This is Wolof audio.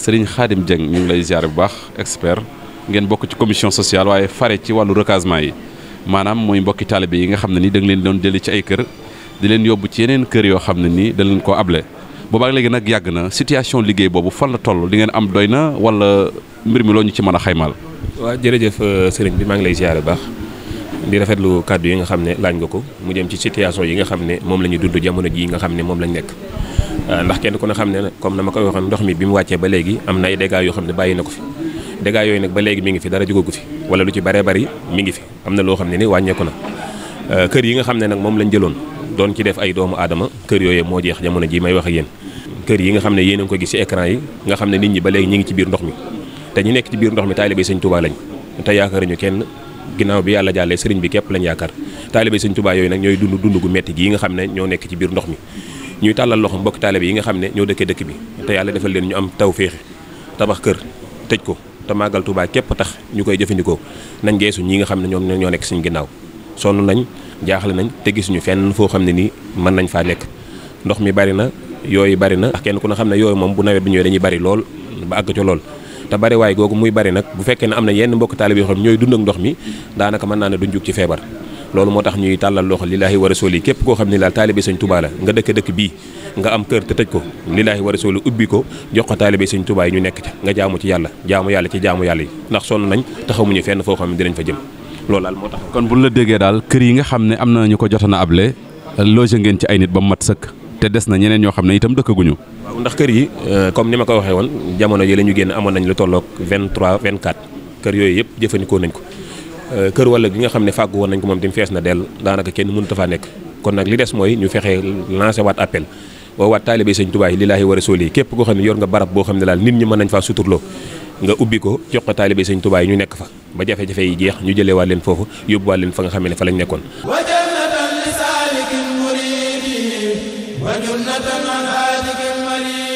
sëriñ Khadim Dieng ñu ngi lay ziare bu baax expert ngeen bokk ci commission sociale waaye fare ci wàllu recasement yi maanaam mooy mbokki taalibe yi nga xam ne ni da leen doon jëli ci ay kër di leen yóbbu ci yeneen kër yoo xam na nii da leen koo able boobaak léegi nag yàgg na situation liggéey boobu fan la toll li ngeen am doy na wala mbir mi loo ñu ci mën a xaymaal. waaw jërëjëf euh, sëriñ bi maa ngi lay ziare bu baax. di rafetlu kàddu yi nga xam ne laañ nga ko mu jëm ci situation yi nga xam ne moom la ñu dund jamono ji nga xam ne moom lañu nekk euh, ndax kenn ku ne xam ne comme na ma koy waxoon ndox mi bi mu wàccee ba léegi am na ay dégâts xam ne bàyyi na ko fi dégâts yooyu ba léegi mi ngi fi dara jógagu fi wala lu ci baree bari mi ngi fi am na loo xam ne ni wàññeeku na euh, kër yi nga xam ne nag moom lañ jëloon doon ci def ay doomu aadama kër yooyu moo jeex jamono ji may wax ak yéen kër yi nga xam ne yéen a ngi ko gis ci écran yi nga xam ne nit ñi ba léegi ñi ngi ci biir ndox mi te ñi nekk ci biir ndox mi taalibe Sëñ Tuubaa lañ te yaakaaruñu kenn ginnaaw bi yàlla jàllee sëriñ bi képp lañ yaakaar taalibe sëñ Tuubaa yooyu nag ñooy dund dund gu metti gii nga xam ne ñoo nekk ci biir ndox mi ñuy tàllal loxo mbokki taalibe yi nga xam ne ñoo dëkkee dëkk bi te yàlla defal leen ñu am taw féexe tabax kër tëj ko te màggal Tuubaa képp tax ñu koy jëfandikoo nañ geesu ñi nga xam ne ñoom ñoo nekk suñ ginnaaw sonn nañ jaaxle nañ te gisuñu fenn foo xam ne nii mën nañ faa nekk ndox mi bari na yooyu bari na kenn ku ne xam ne yooyu moom bu nawet bi ñëwee dañuy bari lool ba àgg ca lool te bari waay googu muy bari nag bu fekkee ne am na yenn mbokk taalib yoo xam ñooy dund ak ndox mi daanaka mën naa ne duñ jug ci feebar loolu moo tax ñuy tàllal loxo lillaahi wa rasuli képp koo xam ne daal taalibe sëñ Tuubaa la nga dëkk dëkk bii nga am kër te tëj ko lillaahi wa rasuli ubbi ko jox ko taalibe sëñ Tuubaa yi ñu nekk ca nga jaamu ci yàlla jaamu yàlla ci jaamu yàlla yi ndax sonn nañ taxamuñu fenn foo xam ne dinañ fa jëm loolu daal moo tax kon bu la déggee daal kër yi nga xam ne am na ñu ko jotana able loge ngeen ci ay nit ba mat sëkk te des na ñeneen ñoo xam ne itam dëkkaguñu. waaw ndax kër yi euh, comme ni ma ko waxee woon jamono yi la ñu génn amoon nañ lu tolloog 23 24 kër yooyu yëpp jëfandikoo nañ ko euh, kër wala gi nga xam ne fàggu woon nañ ko moom tim fees na dell daanaka kenn mun a faa nekk kon nag li des mooy ñu fexe lancé waat appel woo waat taalibe sëñ Tuubaa yi laay wa rasuuli yi képp koo xam ne yor nga barab boo xam ne daal nit ñi mën nañ faa suturloo nga ubbi ko jox ko taalibe sëñ ñu nekk fa ba jafe yi jeex ñu jëlee waat leen foofu yóbbuwaat leen nga xam ne fa lañ nekkoon وجنة من هالك مريض